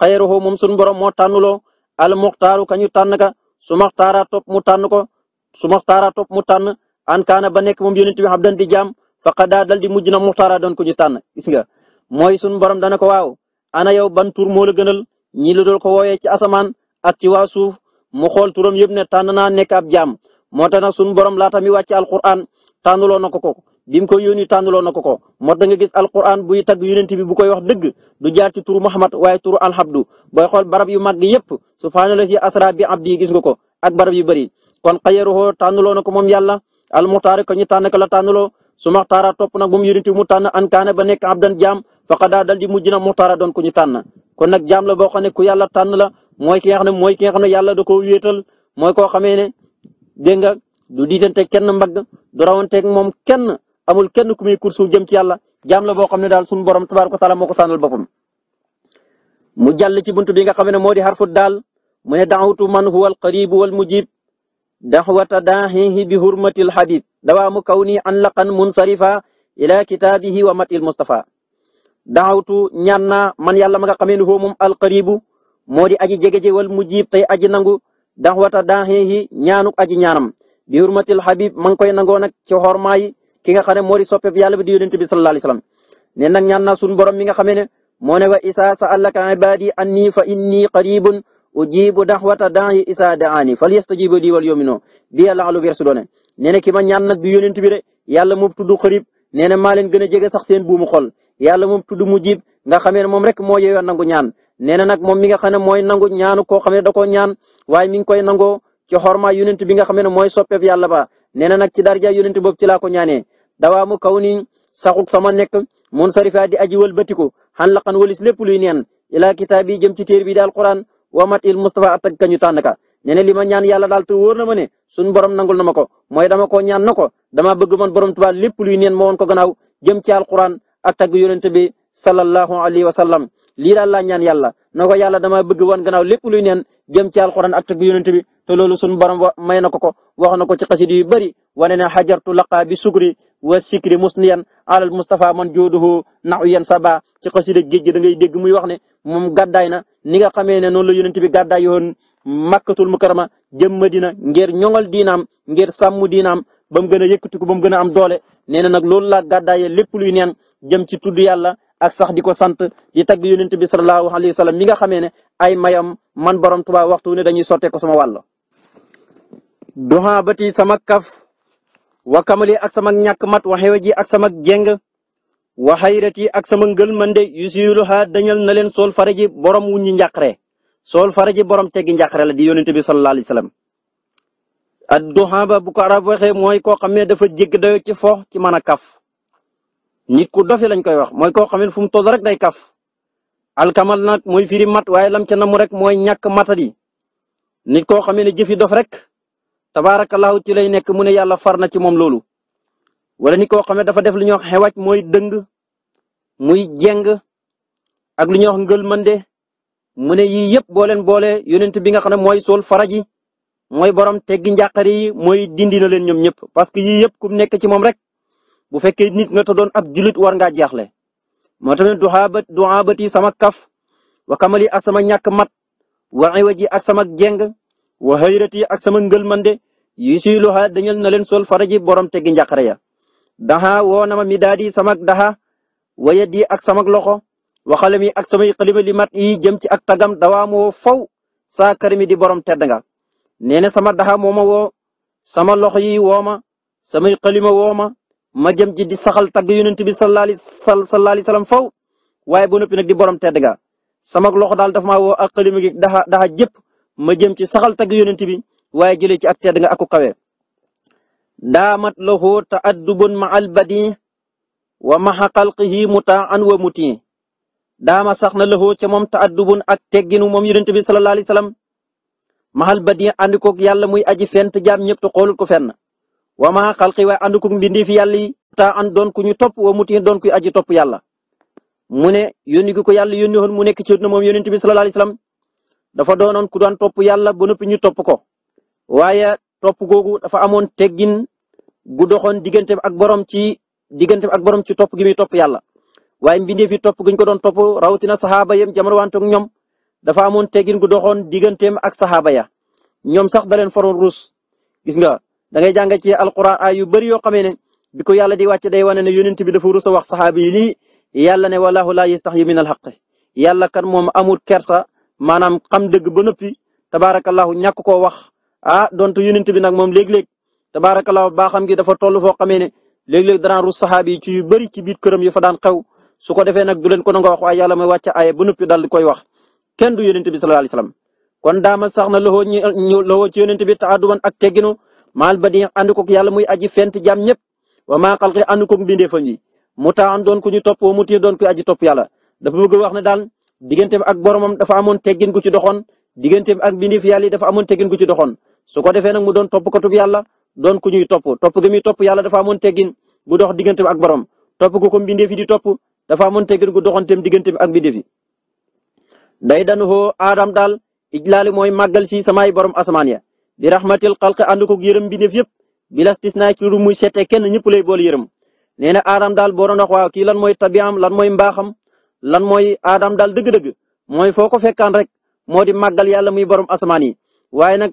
xayyarahoo moom sunu borom moo tànnuloo al muxtaaru kañu tànn ka su maxtaara mu tànn ko su maxtaara mu tànn an kaana ba nekk moom yonent bi abdan di jaam faqadaa dal di mujj na muxtaara doon ko ñu tànn gis nga mooy sunu borom dana ko waaw ana yow ban tur moo la gënal ñi la doon ko wooyee ci asamaan ak ci waa suuf mu xool turam yëpp ne tànn naa nekk ab jaam moo tax nag sunu borom laata mi wàcc alquran tànnuloo na ko ko bi ko yónni tànnuloo na ko ko moo da nga gis alquran buy tag yonent bi bu koy wax dëgg du jaar ci turu Muhammad waaye turu alhabdu booy xool barab yu màgg yëpp subhaanala si asra bi di gis nga ko ak barab yu bëri kon xayaruhoo tànnuloo na ko moom yàlla almuxtaar ko su maxtaara topp nag moom yonent bi mu tànn an ba nekk abdan jaam faqadaa dal di mujj na muxtaara doon ku ñu tànn kon nag jaam la boo xam ne ku yàlla tànn la mooy ki nga xam ne mooy ki nga xam ne yàlla da koo wéetal mooy koo xamee ne dégg nga du diitante kenn mbagg du rawanteeg moom kenn amul kenn ku muy kursu jëm ci yàlla jaam la boo xam ne daal suñu borom tabaaraka taala moo ko tànnal boppam mu jàll ci buntu bi nga xam ne moo di xarfu daal mu ne daawatu man huwa alqarib wal mujib daxwata daaxihi bi hurmatil xabib dawaamu kawni anlaqan munsarifa ila kitaabihi wa matil mustafa daawtu ñaan naa man yàlla ma nga xamee ni moom alqaribu moo di aji jege jewal mujib tey aji nangu daxwata daaxeehi ñaanuk aji ñaanam bi hurmatil habib ma ngi koy nangoo nag ci xormaay ki nga xam ne moo di soppeeb yàlla bi di yonent bi sallallahu alayhi wasallam ne nag ñaan naa sunu borom mi nga xamee ne moo ne wa isa sa'alaka ibadi anni fa inni qaribun ujibu daxwata daaxi isa daani falyastajibu li wal yuminu bi yàlla alu bi rasulone nee na ki ma ñaan nag du yonent bi de yàlla moom tudd xarib nee na maa leen gën a jege sax seen buumu xol yàlla moom tudd mujib nga xamee ne moom rek moo yeewoo nangu ñaan nee na nag moom mi nga xam ne mooy nangu ñaanu koo xam ne da koo ñaan waaye mi ngi koy nangoo ci xorma yonent bi nga xam ne mooy soppeeb yàlla ba nee na nag ci darja yonent boobu ci laa ko ñaanee dawaamu kaw ni saxuk sama nekk mun sarifa di aji wëlbatiku xan laqan walis lépp luy neen ilaa kitaab yi jëm ci téer bi daal quran wa mat il mustafa atag kañu tànn ka nee na li ma ñaan yàlla daal te wóor na ma ne suñu borom nangul na ma ko mooy dama koo ñaan na ko dama bëgg man borom Tuubaa lépp luy neen ma woon ko gannaaw jëm ci alquran ak tagg yonent bi sallallahu alayhi wa sallam lii daal laa ñaan yàlla na ko yàlla dama bëgg woon gannaaw lépp luy neen jëm ci alquran ak tagg yonent bi te loolu suñu borom may na ko ko wax na ko ci xasida yu bari wane ne xajartu laqa bi sukri wa sikri musniyan alal Mustafa man jooduhu naxu yan sa ci xasida géej gi da ngay dégg muy wax ne moom gàddaay na ni nga xamee ne noonu la yonent bi gàddaay yoon makkatul mukarama jëm madina ngir ñoŋal diinaam ngir sàmm diinaam ba mu gën a yëkkatiku ba mu gën a am doole nee na nag loolu laa gàddaaye lépp luy neen jëm ci tudd yàlla ak sax di ko sant di tagg yonent bi sallallahu alayhi wa sallam mi nga xamee ne ay mayam man borom Tuubaa waxtu ne dañuy sottee ko sama wàll. duxaa bati sama kaf wa ak sama ñàkk mat wa xewaji ak sama jeng wa xayrati ak sama ngël mande yusiluha dañal na leen sol faraji borom wuñ ñi sol far ji borom teggi njàqare la di yonent bi sallallahu alayhi wasallam ad duhaba bu ko arab waxee mooy koo xam ne dafa jégg dayo ci fo ci mën a kaf nit ku dofi lañ koy wax mooy koo xam ne fu mu toll rek day kaf alkamal nag mooy firi mat waaye lam ca namu rek mooy ñàkk matadi ni koo xam ne jëfi dof rek tabaarakallahu ci lay nekk mu ne yàlla far na ci moom loolu wala nit koo xam ne dafa def lu ñuy wax xewaj mooy dëng muy jeng ak lu ñuy wax ngëlmande mu ne yii yëpp boo leen boole yonent bi nga xam ne mooy sol faraji mooy borom teggi njàqare yi mooy dindi na leen ñoom ñëpp parce que yii yëpp ku nekk ci moom rek bu fekkee nit nga te doon ab julit war ngaa jaaxle. moo tamit duxaa ba duxaa bati sama kaf wa kamali ak sama ñàkk mat wa iwaji ak sama jeng wa xayrati ak sama ngëlmande yi si luxa dañal na leen sol faraji borom teggi njàqare ya daxa woo na ma mi daadi sama daxa waya di ak sama loxo. waxale mi ak samay xalima li mat yi jëm ci ak tagam dawaamu woo faw saa karimi di borom tedd nga sama daxa moo ma woo sama loxo yi woo ma samay xalima woo ma ma jëm ci di saxal tagg yonent bi sallallahu alayhi wasallam faw waaye ba noppi nag di borom tedd nga sama loxo daal daf ma woo ak xalima gi daxa daxa ma jëm ci saxal tagg yonent bi waaye jëlee ci ak tedd nga aku kawe daamat lahu ta'addubun ma'al badi wa ma'a xalqihi muta'an wa muti daama sax na lëxoo ca moom taaddubun ak tegginu moom yonent bi sallallahu alayhi wasallam mahal badi ànd koog yàlla muy aji fent jaam ñëpp te xoolul ko fenn wa maa xalqi waaye ànd koog mbindeef yàlla yi taa an doon ku ñu topp wa muti doon kuy aji topp yàlla mu ne yónni gi ko yàlla yónni woon mu nekk ci na moom yonent bi sallallahu alayhi wasallam dafa doonoon ku daan topp yàlla ba noppi ñu topp ko waaye topp googu dafa amoon tegin gu doxoon digganteem ak borom ci digganteem ak borom ci topp gi muy topp yàlla waaye mbindeef yi topp guñ ko doon topp rawatina saxaaba yam jamono wante ak ñoom dafa amoon teggin gu doxoon digganteem ak saxaaba ya ñoom sax da leen rus ruus gis nga da ngay jàng ci alquran yu bëri yoo xamee ne bi ko yàlla di wàcc day wane ne yonent bi dafa ruus a wax saxaaba yi lii yàlla ne wallahu laa yastaxyi min alxaq yàlla kan moom amul kersa maanaam xam dëgg ba noppi tabaarakallahu ñàkk koo wax ah donte yonent bi nag moom léeg-léeg tabaarakallahu baaxam gi dafa toll foo xamee ne léeg-léeg danaa ruus saxaaba ci yu ci biir këram yu fa daan su ko defee nag du leen ko nangoo wax waaye yàlla mooy wàcce aaya ba noppi daal di koy wax kenn du yonent bi sallallahu alayhi wasallam kon daama sax loxo ñu loxo ci yonent bi ak tegginu maal ba di ànd koog muy aji fent jaam ñëpp wa maa xalqi ànd koog mbindeefam yi mu taan doon ku ñu topp mu doon kuy aji topp yàlla dafa bëgg wax ne daal digganteem ak boromam dafa amoon teggin gu ci doxoon digganteem ak mbindeef yàlla yi dafa amoon teggin gu ci doxoon su ko defee nag mu doon toppkatub yàlla doon ku ñuy topp topp gi muy topp yàlla dafa amoon teggin bu dox digganteem ak borom topp gu ko mbindeef dafa amoon teggin gu doxanteem digganteem ak biddeef yi day danu hoo aadam daal ijlaali mooy màggal si samay borom asamaan ya bi rahmatil xalqi ànd ko yërëm biddeef yëpp bi naa ci lu muy seetee kenn ñëpp lay boole yërëm nee na aadam daal boo doon wax waaw kii lan mooy tabiam lan mooy mbaaxam lan mooy aadam daal dëgg-dëgg mooy foo ko fekkaan rek moo di màggal yàlla muy borom asamaan yi waaye nag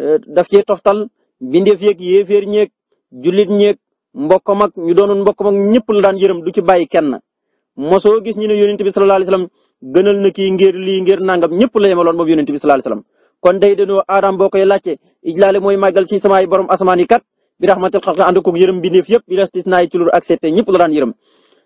eh, daf cee toftal bindeef yeeg yéeféer ñeeg jullit ñeeg mbokkam ak ñu doonoon mbokkam ak ñëpp la daan yërëm du ci bàyyi kenn mosoo gis ñu ne yonent bi sallallahu alayhi wasallam kii ngir lii ngir nangam ñëpp la yemaloon moom yonent bi sallallahu alayhi wasallam kon day dañoo aadam boo koy laajte ijlaale mooy màggal ci samaay borom asmaan yi kat bi rahmatil xalqi ànd ko yërëm bindeef yëpp bi istisnaay ci lur ak seete ñëpp la daan yërëm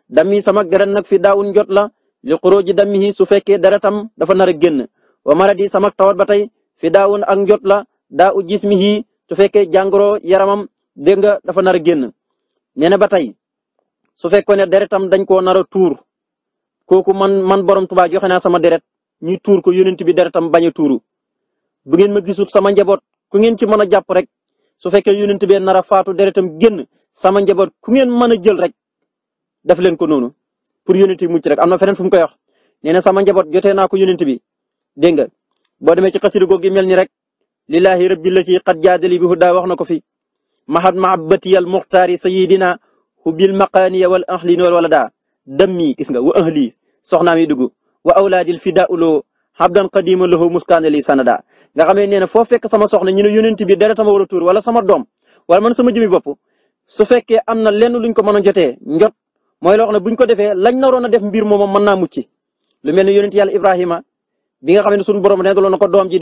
dami sama deret nag fi daawun jot la li xuróoji damihi su fekkee deretam dafa nar a génn wa maradi sama tawat ba tey fi daawun ak njot la daa u jismihi su fekkee jàngoro yaramam dégg nga dafa nar a génn na ba tey su fekkoon ne deretam dañ koo nar a tuur kooku man man borom Tuubaa joxe naa sama deret ñuy tuur ko yonent bi deretam bañ a tuuru bu ngeen ma gisul sama njaboot ku ngeen ci mën a jàpp rek su fekkee yonent bi nar a faatu deretam génn sama njaboot ku ngeen mën a jël rek def leen ko noonu pour yonent bi rek am na feneen fu mu koy wax nee sama njaboot jotee naa ko yonent bi dégg nga boo demee ci xasida googu gi mel ni rek lillahi rabbil lati qad jaadali bi huda wax na ko fi mahat mahabbati al muxtaari sayidina hubbil maqaaniya wal ahlin wal walada dammi gis nga wa ahli soxnaam yi dugg wa awlaadil da loo habdan qadiima lahu muskaana li sanada nga xam ne nee na foo fekk sama soxna ñu ne bi dara tama war a wala sama doom wala man sama jëmi bopp su fekkee am na luñ ko mën a jotee njot mooy buñ ko defee lañ naroon a def mbir moom mën naa mucc lu mel ne yonent yàlla Ibrahima bi nga xam ne sunu borom nekkaloon na ko doom ji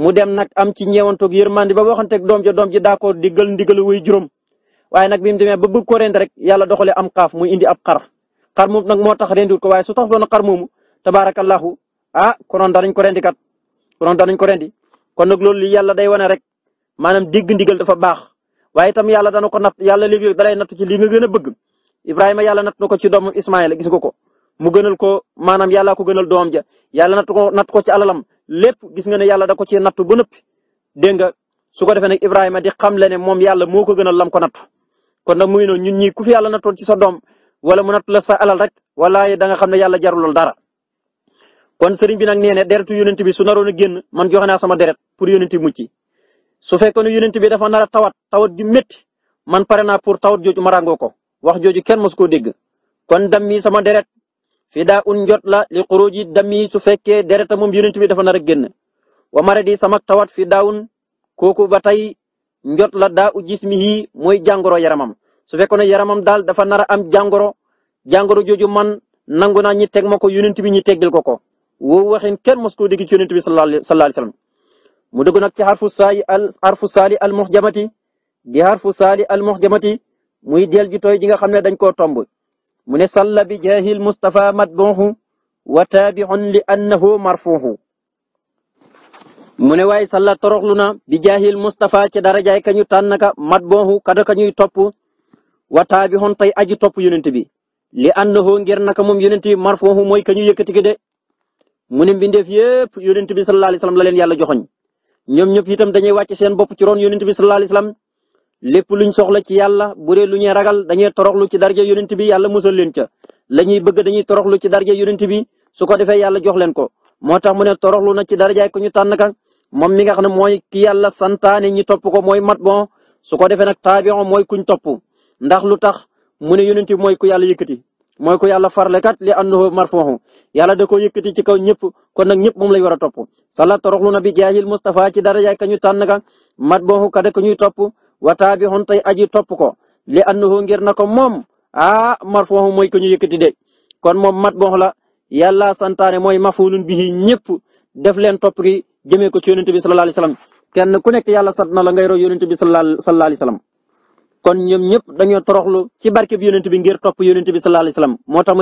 mu dem nag am ci ñeewantoog yërmande ba waxanteeg waaye nag bi mu demee ba bëgg ko rend rek yàlla doxalee am xaaf muy indi ab xar xar moom nag moo tax rendiwut ko waaye su tax doon xar moomu tabaarakallahu ah konoon danañ ko rendi kat konoon danañ ko rendi kon nag loolu li yàlla day wane rek maanaam dégg ndigal dafa baax waaye itam yàlla dana ko natt yàlla léeg-léeg dalay natt ci li nga gën a bëgg Ibrahima yàlla natt na ko ci doomam Ismaayil gis nga ko mu gënal ko maanaam yàlla ko gënal doomam ja yàlla natt ko natt ko ci alalam lépp gis nga ne yàlla da ko ci natt ba nëpp dégg nga su ko defee nag Ibrahima di xam le moom yàlla moo ko gënal lam ko natt kon nag mu ngi noonu ñun ñii ku fi yàlla nattoon ci sa doom wala mu natt la sa alal rek wala da nga xam ne yàlla jarulul dara. kon sëriñ bi nag nee ne deretu yonent bi su naroon na génn man joxe naa sama deret pour yonent mucc su fekkoon ne yonent bi dafa nar a tawat tawat ju métti man pare naa pour tawat jooju marangoo ko wax jooju kenn mos koo dégg kon dam mi sama deret fii daa un jot la li xuruji dammi su fekkee dereta moom yonent bi dafa nar a génn wa mara di tawat fii daawun kooku ba tey njot la daa mi jismihi mooy jàngoro yaramam su fekkoon ne yaramam daal dafa nar a am jàngoro jàngoro jooju man nangu naa ñi teg ma ko yonent bi ñi teggil ko ko woo waxin kenn mos koo dégg ci yonent bi sallallahu alayhi wasallam mu dugg nag ci xarfu saali al xarfu saali al muxjamati di xarfu saali al muxjamati muy del ju tooy ji nga xam ne dañ koo tomb mu ne salla bi jaahil mustafa matbuhu wa taabixun li annahu marfuuhu mu ne waaye salla toroxlu na bi jaahil Mustapha ci darajaay ka ñu tànn ka mat boohu kada ka ñuy topp wa taabihun tey aju topp yonent bi li annahu ngir naka moom yonent bi marfuuhu mooy ka ñu yëkkati ki de mu ne mbindeef yépp yonent bi sallallahu alayhi wasallam la leen yàlla joxoñ ñoom ñëpp itam dañuy wàcc seen bopp ci roon yonent bi sallallahu alayhi wasallam lépp luñ soxla ci yàlla bu dee lu ñuy ragal dañuy toroxlu ci darja yonent bi yàlla musal leen ca la ñuy bëgg dañuy toroxlu ci darja yonent bi su ko defee yàlla jox leen ko moo tax mu ne moom mi nga xam ne mooy ki yàlla santaane ñi topp ko mooy mat bon su ko defee nag taabion mooy kuñ topp ndax lu tax mu ne yonent bi mooy ku yàlla yëkkati mooy ku yàlla farlekat li annahu marfuuhu yàlla da ko yëkkati ci kaw ñëpp kon nag ñëpp moom lañ war a topp sala toroxlu na bi jaahil Mustafa ci daraja ñu tànn ka mat bon ka ko ñuy topp wa taabixun tey aji topp ko li annahu ngir na ko moom ah marfuuhu mooy ku ñu yëkkati de kon moom mat bon la yàlla santaane mooy mafulun bihi ñëpp def leen topp gi jëmee ko ci yonent bi sallallahu alayhi wasallam kenn kon ñoom ñëpp dañoo toroxlu ci barke bi ngir topp yonent bi sallallahu alayhi wasallam moo tax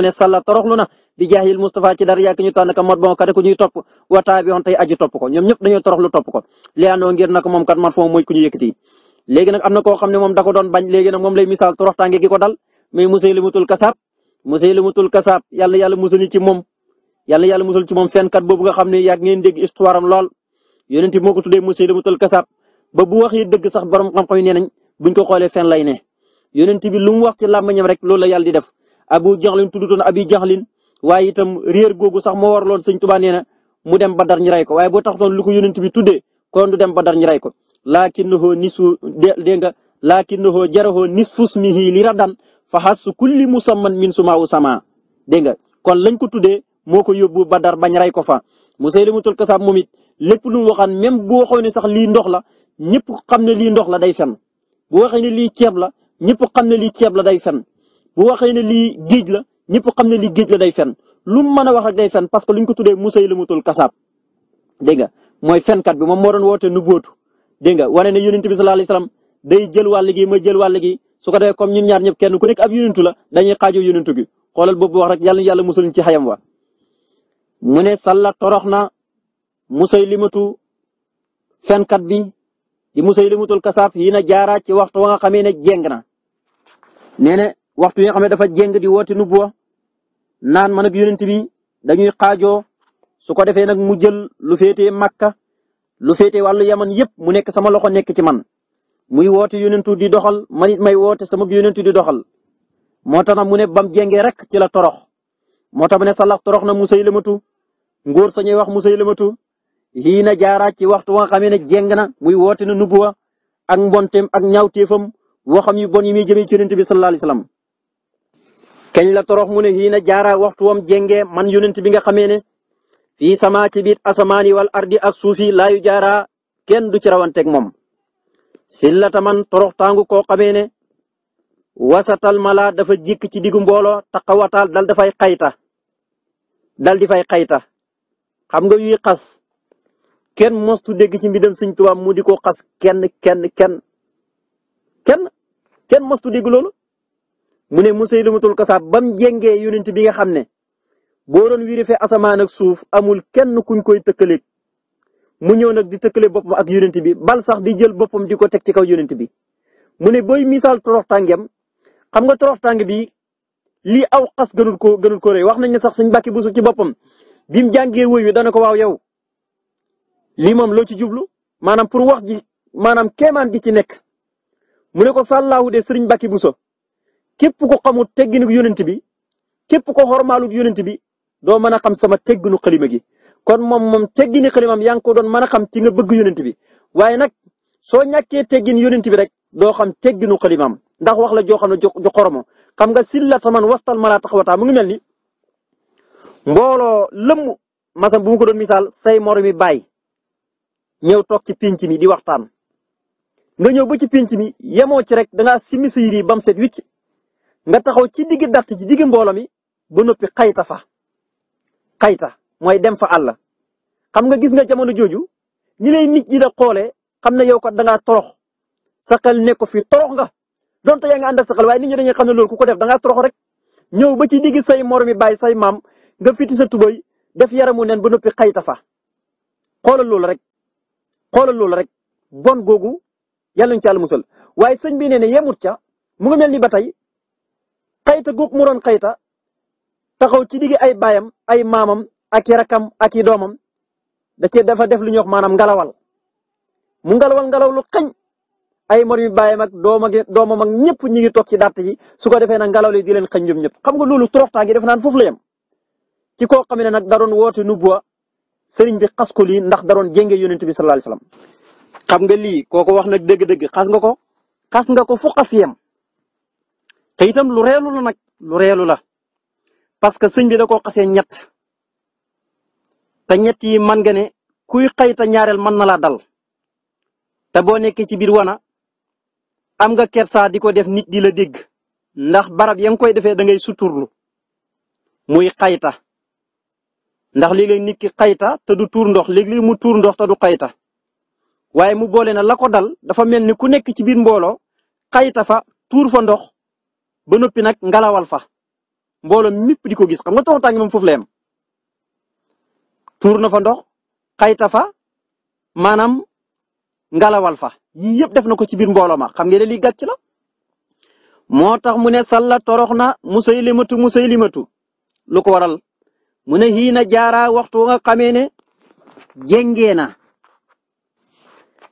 mu ci dara yàgg ñu tànn ka mot bon kat ku ñuy topp wa taabi'un tey aju topp toroxlu topp ko ngir nag moom kat man foo mooy ku ñu yëkkati léegi nag am na koo bañ léegi nag lay misaal torox tànge dal muy Musaylimatul Kasaab Musaylimatul Kasaab yàlla ci moom yàlla yàlla musal ci moom fenkat boobu nga xam ne yàgg ngeen dégg histoire am lool yonent bi moo ko tuddee musaylimatul kasaab ba sax borom xam-xam yi nee buñ ko xoolee fen lay ne yonent bi lu mu wax ci làmmiñam rek loolu la yàlla di def abu jaxlin tuddutoon abi jaxlin waaye itam réer googu sax moo waraloon sëñ Tuubaa nee na mu dem ba dar ñu rey ko waaye boo taxutoon lu ko yonent bi tuddee kon du dem ba dar ñu rey ko lakinnahu nisu dégg nga lakinnahu jarahu nisfu ismihi li radan fa hasu kulli musamman min sumaawu sama dégg nga kon lañ ko tuddee moo ko yóbbu Badar bañ rey ko fa Musaylimatul Kasaab moom it lépp lu mu waxaan même bu waxoon sax lii ndox la ñëpp xam ne lii ndox la day fen bu waxee ne lii ceeb la ñëpp xam ne lii ceeb la day fen bu waxee ne lii géej la ñëpp xam ne lii géej la day fen lu mu a wax rek day fen parce que lu ñu ko tuddee Musaylimatul Kasaab dégg nga mooy fenkat bi moom moo doon woote nu bootu dégg nga wane ne yonent bi sallallahu alayhi wasallam day jël wàll ñaar ñëpp kenn ku nekk ab yonentu la dañuy xaajoo yonentu gi xoolal boobu wax rek yàlla yàlla musul ci xayam wa mu ne salla torox na musaylimatu fenkat bi di musaylimatul kasaaf yi na jaara ci waxtu wa nga xamee ne jeng na nee na waxtu yi nga xam ne dafa jeng di woote nubuwa naan man ak bi dañuy xaajoo su ko defee nag mu jël lu féetee Makka lu féetee wàllu yaman yépp mu nekk sama loxo nekk ci man muy woote yonentu di doxal man may woote sama yonentu di doxal moo tax nag mu ne bam jengee rek ci la torox moo tax mu ne salax torox na musaylimatu nguur sañuy wax musaylimatu lii na jaaraat ci waxtu wa nga xamee ne na muy woote na nubuwa ak mbontem ak ñaawteefam waxam yu bon yi muy jëmee ci yonent bi sallallahu alayhi wasallam la torox mu ne lii na waxtu wam jéngee man yonent bi nga xamee ne fii sama ci biit asamaani wal ardi ak suufi laayu jaara kenn du ci rawanteeg moom. sillata man torox tàngu koo xamee ne wasatal mala dafa jikk ci diggu mbooloo taxawataal dal dafay xayta dal di fay xayta xam nga yuy xas kenn mostu dégg ci mbindam sëñ tubaam mu di ko xas kenn kenn kenn kenn kenn mostu dégg loolu mu ne Musaylimatul Kasaab bam jengee yonent bi nga xam ne boo doon wirifee asamaan ak suuf amul kenn kuñ koy tëkkaleeg mu ñëw nag di tëkkale boppam ak yonent bi bal sax di jël boppam di ko teg ci kaw yonent bi mu ne booy misaal torox tàngem xam nga torox tàng bi lii aw xas gënul ko gënul ko rëy wax nañ ne sax sëñ Mbàkke Buso ci boppam bi mu jàngee woy wi dana ko waaw yow lii moom loo ci jublu maanaam pour wax ji maanaam keemaan gi ci nekk mu ne ko sàllaahu de sëriñ Bakki Bousso képp ko xamul tegginu yonent bi képp ko xormaalut yonent bi doo mën a xam sama tegginu xalima gi kon moom moom teggini xalimam yaa ngi ko doon mën a xam ci nga bëgg yonent bi waaye nag soo ñàkkee teggin yonent bi rek doo xam tegginu xalimam ndax wax la joo xam ne jo xoromo xam nga silla taman wastal mala taxawataa mu ngi mel ni mbooloo lëmm masan bu mu ko doon misaal say moromi mi bàyyi ñëw toog ci pinc mi di waxtaan nga ñëw ba ci pinc mi yemoo ci rek danga simmi sa yére yi bam set wicc nga taxaw ci digg datt ci digg mbooloo mi ba noppi xayta fa xayta mooy dem fa àll xam nga gis nga jamono jooju ni lay nit ñi da xoolee xam na yow kat da ngaa torox sa xel ne fi torox nga donte yaa nga ànd ak sa xel waaye nit ñi dañuy xam ne loolu ku ko def da ngaa torox rek ñëw ba ci digg say moromi bàyyi say maam nga fiti sa tubay def yaramu neen ba noppi xayta fa xoolal loolu rek xoolal loolu rek bon googu yàlla ñu ci yàlla musal waaye sëñ bi nee yemut ca mu ngi mel ni ba tey xayta googu mu doon xayta taxaw ci digg ay bayam ay maamam ak i rakam ak i doomam da cee dafa def lu ñuy wax maanaam ngalawal mu ngalawal ngalaw lu xañ ay mor mi baayam ak doom ak doomam ak ñëpp ñi ngi toog ci dàtt yi su ko defee nag ngalaw li di leen xañ ñoom ñëpp xam def naan foofu la yem. ci koo xam ne nag daroon woote nubuwa sëriñ bi xas ko lii ndax daroon jenge yonent bi sallallahu alayhi wasallam xam nga lii kooko wax nag dëgg-dëgg xas nga ko xas nga ko fu xas yem te itam lu reelu la nag lu reelu la parce que sëñ bi da koo xasee ñett te ñett yi man nga ne kuy xayta ñaareel man na laa dal te boo nekkee ci biir wana am nga kersa di ko def nit di la dégg ndax barab ya nga koy defee da ngay suturlu muy xayta ndax léeg-léeg nit ki xayta te du tuur ndox léeg-léeg mu tuur ndox ta du xayta waaye mu boole na la ko dal dafa mel ni ku nekk ci biir mbooloo xayta fa tuur fa ndox ba noppi nag ngalawal fa mbooloo mépp di ko gis xam nga taw tàng moom foofu la yem tuur na fa ndox xayta fa maanaam ngalawal fa yii yëpp def na ko ci biir mbooloo ma xam nga ne lii gàcc la moo tax mu ne sàlla torox na musaylimatu musaylimatu lu ko waral mu ne xii na jaara waxtu nga xamee ne jéngee na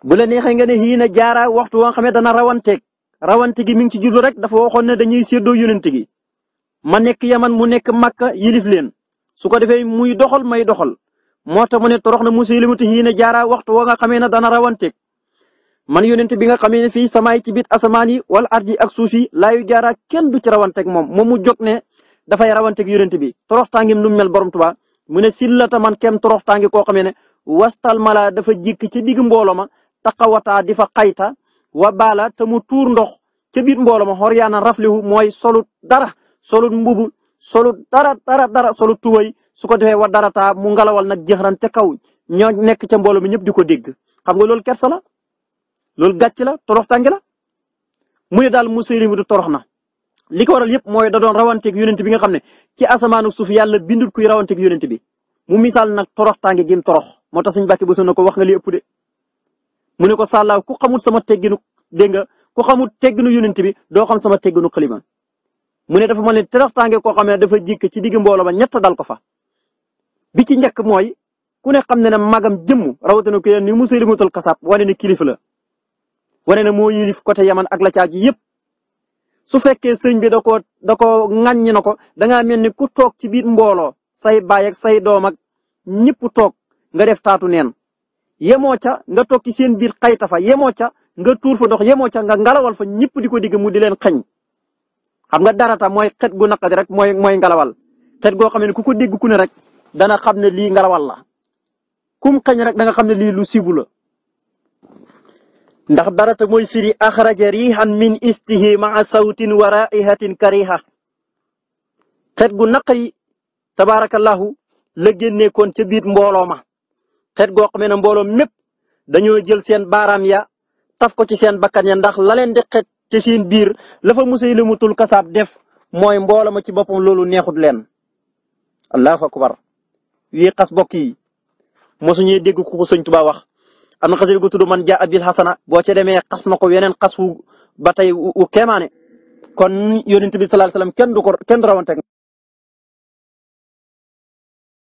bu la neexee nga ne xii na jaara waxtu nga xamee dana rawanteeg rawante gi mi ngi ci jublu rek dafa waxoon ne dañuy séddoo yonent gi ma nekk yaman mu nekk makka yilif leen su ko defee muy doxal may doxal moo tax mu ne torox na muslimatu xii na jaara waxtu wa nga xamee ne dana rawanteeg man yonent bi nga xamee ne fii samaay ci biir asamaan yi wala ardi ak suuf yi laayu jaara kenn du ci rawanteeg moom moom mu jóg ne dafay rawanteeg yonent bi toroxtaangeem nu mu mel borom tuba mu ne sillata man kem toroxtaange koo xamee ne wastal mala dafa jikk ci digg mbooloo ma taxawataa di fa xayta wa baala ta mu tuur ndox ca biir mbooloo ma xor yaana raflihu mooy solut dara solut mbubu solut dara dara dara solut tuway su ko defee wa darataa mu ngalawal nag jëxran ca kaw ñoo nekk ca mbooloo mi ñëpp di ko dégg xam nga loolu kersa la loolu gàcc la toroxtaange la mu ne daal musiri mi du torox na li ko waral yëpp mooy da doon rawanteeg yonent bi nga xam ne ci asamaanu suuf yàlla bindul kuy rawanteeg yonent bi mu misaal nag torox tàngee gim torox moo tax suñu bàkki bu na ko wax nga li ëpp de. mu ne ko sàllaaw ku xamul sama tegginu dégg nga ku xamul tegginu yonent bi doo xam sama tegginu xalima mu ne dafa mel ni torox tàngee koo xam ne dafa jikk ci digg mbooloo ba ñett dal ko fa. bi ci njëkk mooy ku ne xam ne na magam jëmm rawatina ko ni Musaylimatul Kasaab wane ne kilifa la wane ne moo yilif côté yaman ak la caaju yëpp su fekkee sëñ bi da koo da koo ŋàññi na ko da mel ni ku toog ci biir mbooloo say baay ak say doom ak ñëpp toog nga def taatu neen yemoo ca nga toog ci seen biir xayta fa yemoo ca nga tuur fa ndox yemoo ca nga ngalawal fa ñëpp di ko digg mu di leen xañ xam nga darata mooy xet gu naqadi rek mooy mooy ngalawal xet goo xam ne ku ko dégg ku ne rek dana xam ne lii ngalawal la kum xañ rek danga xam ne lii lu sibu la ndax dara te mooy firi axraja rihan min istihi maa sawtin wa raihatin kariha xet gu naqari tabaarakallahu la génneekoon ca biir mbooloo ma xet goo xamee ne mbooloo mépp dañoo jël seen baaraam ya taf ko ci seen bakkan ndax la leen di xet ci seen biir lafa fa Musaylimatul kasaab def mooy mbooloo ma ci boppam loolu neexut leen allahu akbar wii xas bokk yi mosuñuy dégg ku ko sëñ wax am na xasida gu tudd man jaa abil xasana boo ca demee xas na ko yeneen xas ba tey wu kéemaane kon yonent bi sallallahu alayhi wasallam kenn du ko kenn rawanteeg